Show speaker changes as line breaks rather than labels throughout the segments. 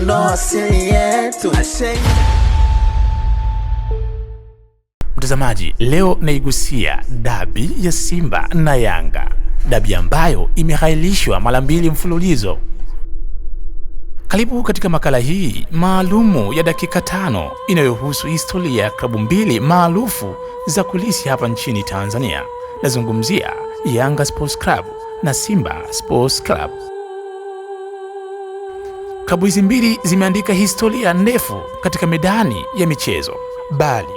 kuondoa siri yetu. Mtazamaji, leo naigusia dabi ya Simba na Yanga, dabi ambayo imehailishwa mara mbili mfululizo. Karibu katika makala hii maalumu ya dakika tano inayohusu historia ya klabu mbili maarufu za kulisi hapa nchini Tanzania. Nazungumzia Yanga Sports Club na Simba Sports Club. Klabu hizi mbili zimeandika historia ndefu katika medani ya michezo, bali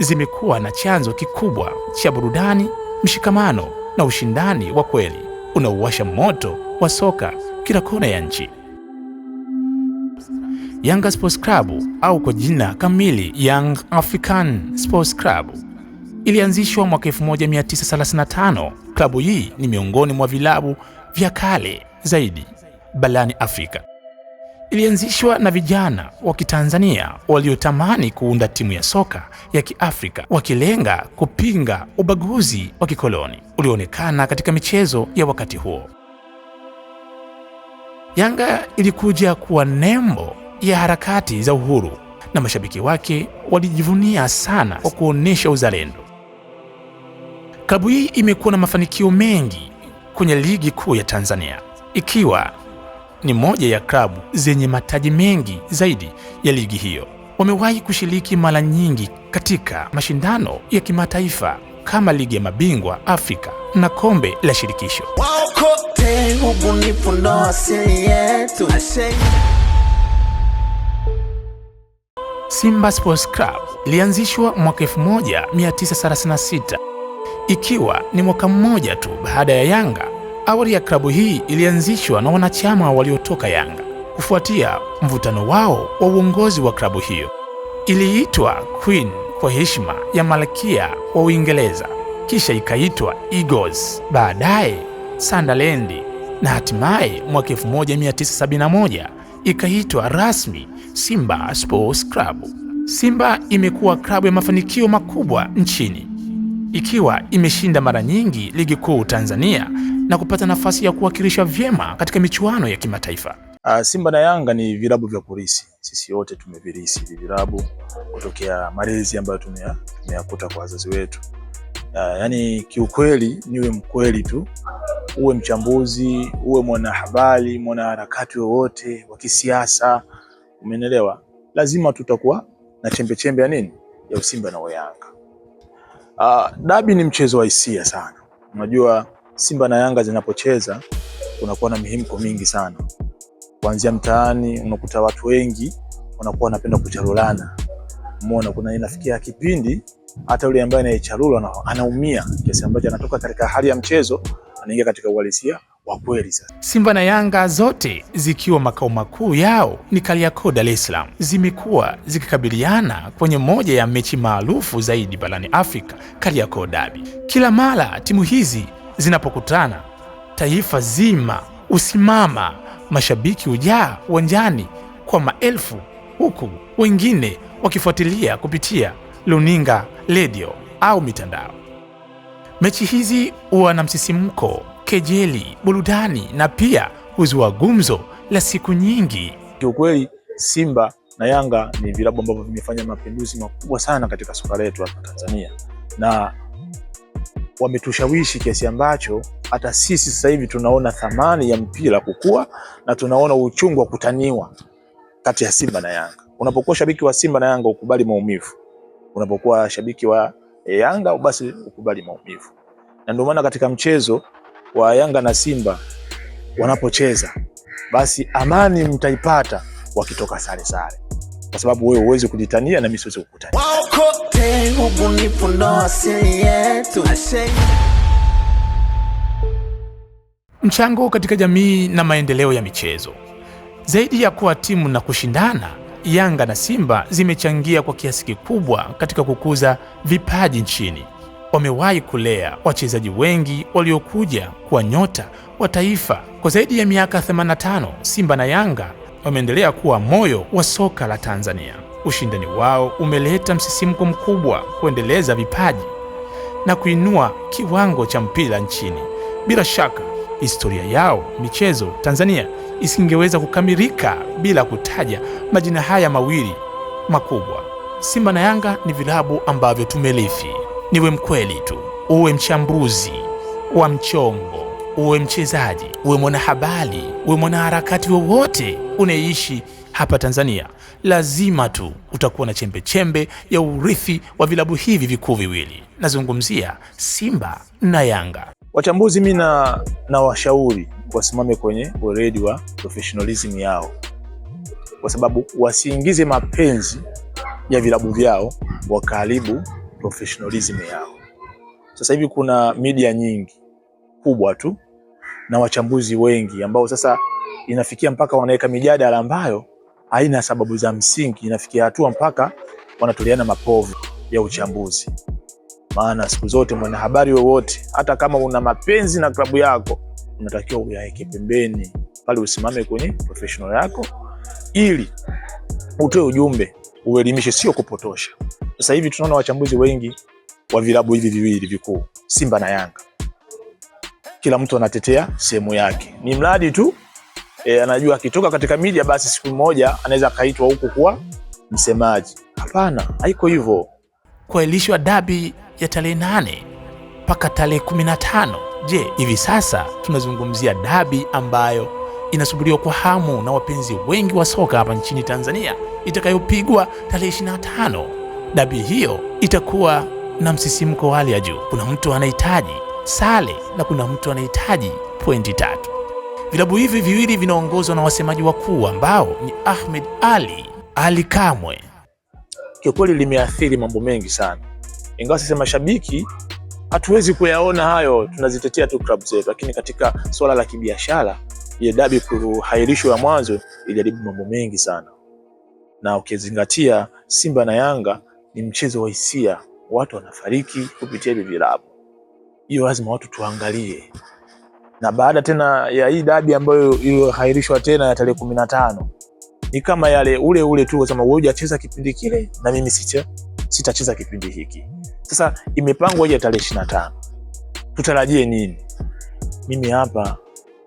zimekuwa na chanzo kikubwa cha burudani, mshikamano na ushindani wa kweli unaowasha moto wa soka kila kona ya nchi. Yanga Sports Club au kwa jina kamili Young African Sports Club ilianzishwa mwaka 1935. Klabu hii ni miongoni mwa vilabu vya kale zaidi barani Afrika ilianzishwa na vijana wa Kitanzania waliotamani kuunda timu ya soka ya Kiafrika, wakilenga kupinga ubaguzi wa kikoloni ulioonekana katika michezo ya wakati huo. Yanga ilikuja kuwa nembo ya harakati za uhuru na mashabiki wake walijivunia sana kwa kuonyesha uzalendo. Klabu hii imekuwa na mafanikio mengi kwenye ligi kuu ya Tanzania ikiwa ni moja ya klabu zenye mataji mengi zaidi ya ligi hiyo. Wamewahi kushiriki mara nyingi katika mashindano ya kimataifa kama ligi ya mabingwa Afrika na kombe la shirikisho. Simba Sports Club ilianzishwa mwaka 1936 ikiwa ni mwaka mmoja tu baada ya Yanga Awali ya klabu hii ilianzishwa na wanachama waliotoka Yanga kufuatia mvutano wao wa uongozi wa klabu hiyo. Iliitwa Queen kwa heshima ya malkia wa Uingereza, kisha ikaitwa Eagles, baadaye Sunderland na hatimaye mwaka 1971 ikaitwa rasmi Simba Sports Club. Simba imekuwa klabu ya mafanikio makubwa nchini ikiwa imeshinda mara nyingi ligi kuu Tanzania na kupata nafasi ya kuwakilisha vyema katika michuano ya kimataifa.
Ah, Simba na Yanga ni vilabu vya kurisi, sisi wote tumevirisi hivi vilabu kutokea malezi ambayo tumeyakuta kwa wazazi wetu. Ah, yani kiukweli, niwe mkweli tu, uwe mchambuzi, uwe mwanahabari, mwanaharakati wowote wa kisiasa, umenelewa, lazima tutakuwa na chembe chembe ya nini ya Usimba na Yanga. Ah, dabi ni mchezo wa hisia sana, unajua Simba na Yanga zinapocheza kunakuwa na mihimko mingi sana, kuanzia mtaani unakuta watu wengi wanakuwa wanapenda kucharulana, umeona. Kuna inafikia kipindi hata yule ambaye anayecharula anaumia kiasi ambacho anatoka katika hali ya mchezo anaingia katika uhalisia wa kweli. Sasa
Simba na Yanga zote zikiwa makao makuu yao ni Kariakoo, Dar es Salaam, zimekuwa zikikabiliana kwenye moja ya mechi maarufu zaidi barani Afrika, Kariakoo Dabi. Kila mara timu hizi zinapokutana, taifa zima usimama, mashabiki hujaa uwanjani kwa maelfu, huku wengine wakifuatilia kupitia luninga, redio au mitandao. Mechi hizi huwa na msisimko, kejeli, burudani na pia huzua gumzo la siku nyingi.
Kiukweli, Simba na Yanga ni vilabu ambavyo vimefanya mapinduzi makubwa sana katika soka letu hapa Tanzania na wametushawishi kiasi ambacho hata sisi sasa hivi tunaona thamani ya mpira kukua na tunaona uchungu wa kutaniwa kati ya Simba na Yanga. Unapokuwa shabiki wa Simba na Yanga ukubali maumivu, unapokuwa shabiki wa eh, Yanga basi ukubali maumivu. Na ndio maana katika mchezo wa Yanga na Simba wanapocheza, basi amani mtaipata wakitoka sare sare, kwa sababu wewe huwezi kujitania na mimi siwezi kukutania. Ashe, ubunifu ndo asili yetu.
Ashe. Mchango katika jamii na maendeleo ya michezo. Zaidi ya kuwa timu na kushindana, Yanga na Simba zimechangia kwa kiasi kikubwa katika kukuza vipaji nchini. Wamewahi kulea wachezaji wengi waliokuja kuwa nyota wa taifa. Kwa zaidi ya miaka 85, Simba na Yanga wameendelea kuwa moyo wa soka la Tanzania. Ushindani wao umeleta msisimko mkubwa, kuendeleza vipaji na kuinua kiwango cha mpira nchini. Bila shaka historia yao michezo Tanzania isingeweza kukamilika bila kutaja majina haya mawili makubwa. Simba na Yanga ni vilabu ambavyo tumerithi. Niwe mkweli tu, uwe mchambuzi wa mchongo, uwe mchezaji, uwe mwanahabari, uwe mwanaharakati wowote unaishi hapa Tanzania lazima tu utakuwa na chembe chembe ya urithi wa vilabu hivi vikuu viwili, nazungumzia Simba na Yanga.
Wachambuzi mi na washauri wasimame kwenye weledi wa professionalism yao, kwa sababu wasiingize mapenzi ya vilabu vyao wakaharibu professionalism yao. Sasa hivi kuna media nyingi kubwa tu na wachambuzi wengi ambao sasa inafikia mpaka wanaweka mijadala ambayo haina sababu za msingi, inafikia hatua mpaka wanatoleana mapovu ya uchambuzi. Maana siku zote mwanahabari wowote, hata kama una mapenzi na klabu yako, unatakiwa uyaweke pembeni pale, usimame kwenye professional yako ili utoe ujumbe, uelimishe, sio kupotosha. Sasa hivi tunaona wachambuzi wengi wa vilabu hivi viwili vikuu Simba na Yanga, kila mtu anatetea sehemu yake, ni mradi tu e, anajua akitoka katika media basi siku moja anaweza akaitwa huku kuwa msemaji. Hapana, haiko hivyo.
Kuahirishwa dabi ya tarehe nane mpaka tarehe kumi na tano. Je, hivi sasa tunazungumzia dabi ambayo inasubiriwa kwa hamu na wapenzi wengi wa soka hapa nchini Tanzania itakayopigwa tarehe 25. Dabi hiyo itakuwa na msisimko wa hali ya juu. Kuna mtu anahitaji sale na kuna mtu anahitaji pointi tatu. Vilabu hivi viwili vinaongozwa na wasemaji wakuu ambao ni Ahmed Ali Ali Kamwe.
Kiukweli limeathiri mambo mengi sana, ingawa sisi mashabiki hatuwezi kuyaona hayo, tunazitetea tu klabu zetu, lakini katika swala la kibiashara ile dabi kuhairishwa ya mwanzo ilijaribu mambo mengi sana, na ukizingatia Simba na Yanga ni mchezo wa hisia, watu wanafariki kupitia hivi vilabu, hiyo lazima watu tuangalie na baada tena ya hii dabi ambayo iliyohairishwa tena ya tarehe kumi na tano ni kama yale ule ule tu, kusema wewe hujacheza kipindi kile na mimi sicha, sitacheza kipindi hiki. Sasa imepangwa ile tarehe ishirini na tano tutarajie nini? Mimi hapa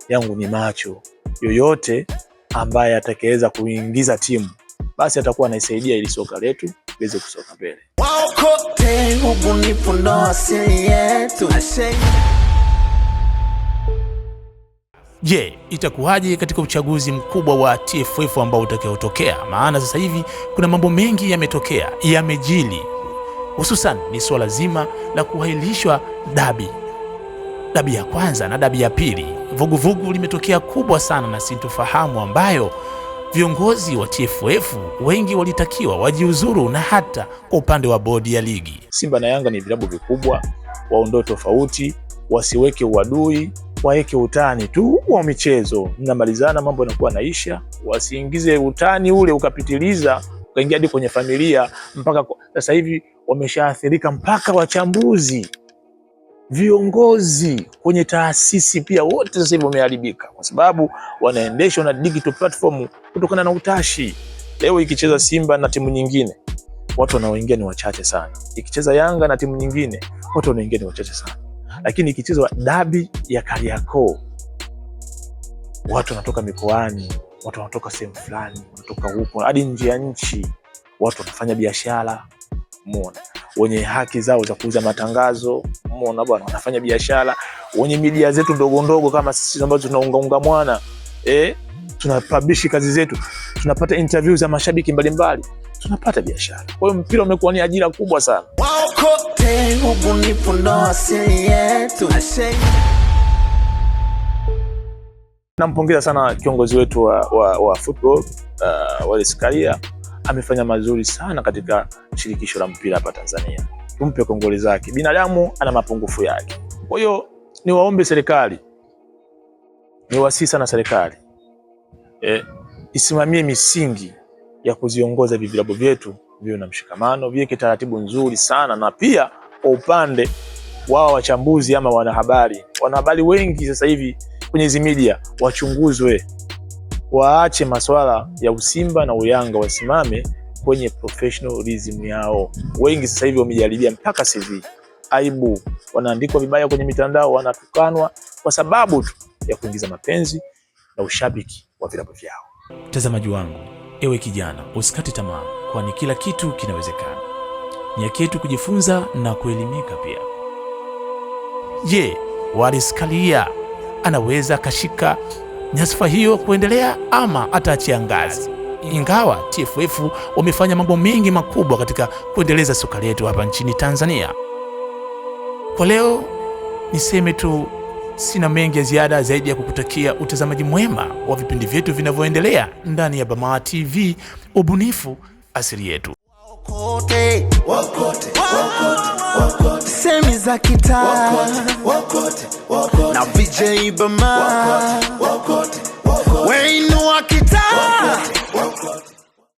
yangu ni macho, yoyote ambaye atakayeweza kuingiza timu basi atakuwa anaisaidia ili soka letu liweze kusonga mbele.
Je, itakuwaje katika uchaguzi mkubwa wa TFF ambao utakaotokea? Maana sasa hivi kuna mambo mengi yametokea, yamejili, hususan ni swala zima la kuahirishwa dabi, dabi ya kwanza na dabi ya pili. Vuguvugu limetokea kubwa sana na sintofahamu ambayo viongozi wa TFF wengi walitakiwa wajiuzuru na hata kwa upande wa bodi ya ligi.
Simba na Yanga ni vilabu vikubwa, waondoe tofauti, wasiweke uadui waeke utani tu wa michezo, mnamalizana, mambo yanakuwa naisha. Wasiingize utani ule ukapitiliza ukaingia hadi kwenye familia, mpaka sasa hivi wameshaathirika mpaka wachambuzi, viongozi kwenye taasisi pia, wote sasa hivi wameharibika, kwa sababu wanaendeshwa na digital platform kutokana na utashi. Leo ikicheza Simba na timu nyingine watu wanaoingia ni wachache sana, ikicheza Yanga na timu nyingine watu wanaoingia ni wachache sana lakini ikichezwa dabi ya Kariakoo, watu wanatoka mikoani, watu wanatoka sehemu fulani, wanatoka huko hadi nje ya nchi, watu wanafanya biashara mona, wenye haki zao za kuuza matangazo mona bwana, wanafanya biashara, wenye midia zetu ndogo ndogo kama sisi ambazo tunaungaunga mwana eh, tunapublish kazi zetu, tunapata interview za mashabiki mbalimbali mbali. Tunapata biashara, kwa hiyo mpira umekuwa ni ajira kubwa sana kote, ubunifu ndo asili yetu. Nampongeza sana kiongozi wetu wa, wa, wa football uh, Wallace Karia amefanya mazuri sana katika shirikisho la mpira hapa Tanzania. Tumpe kongole zake, binadamu ana mapungufu yake. Kwa hiyo niwaombe serikali, niwasihi sana serikali eh, isimamie misingi ya kuziongoza hivi vyetu viwe na mshikamano, viweke taratibu nzuri sana, na pia kwa upande wao wachambuzi ama wanahabari, wanahabari wengi sasa hivi kwenye hizi media wachunguzwe, waache maswala ya usimba na uyanga, wasimame kwenye professionalism yao. Wengi sasa hivi wamejaribia mpaka CV, aibu, wanaandikwa vibaya kwenye mitandao, wanatukanwa kwa sababu tu ya kuingiza mapenzi na ushabiki wa vilabu vyao.
Mtazamaji wangu Ewe kijana, usikate tamaa, kwani kila kitu kinawezekana. Ni haki yetu kujifunza na kuelimika pia. Je, Waris Kalia anaweza akashika nyasifa hiyo kuendelea ama ataachia ngazi? Ingawa TFF wamefanya mambo mengi makubwa katika kuendeleza soka letu hapa nchini Tanzania, kwa leo niseme tu sina mengi ya ziada zaidi ya kukutakia utazamaji mwema wa vipindi vyetu vinavyoendelea ndani ya Bamaa TV. Ubunifu asili yetu. Wakote, wakote, wakote, Semi za kitaa na VJ Bamaa, wakote, wakote, Wainua kitaa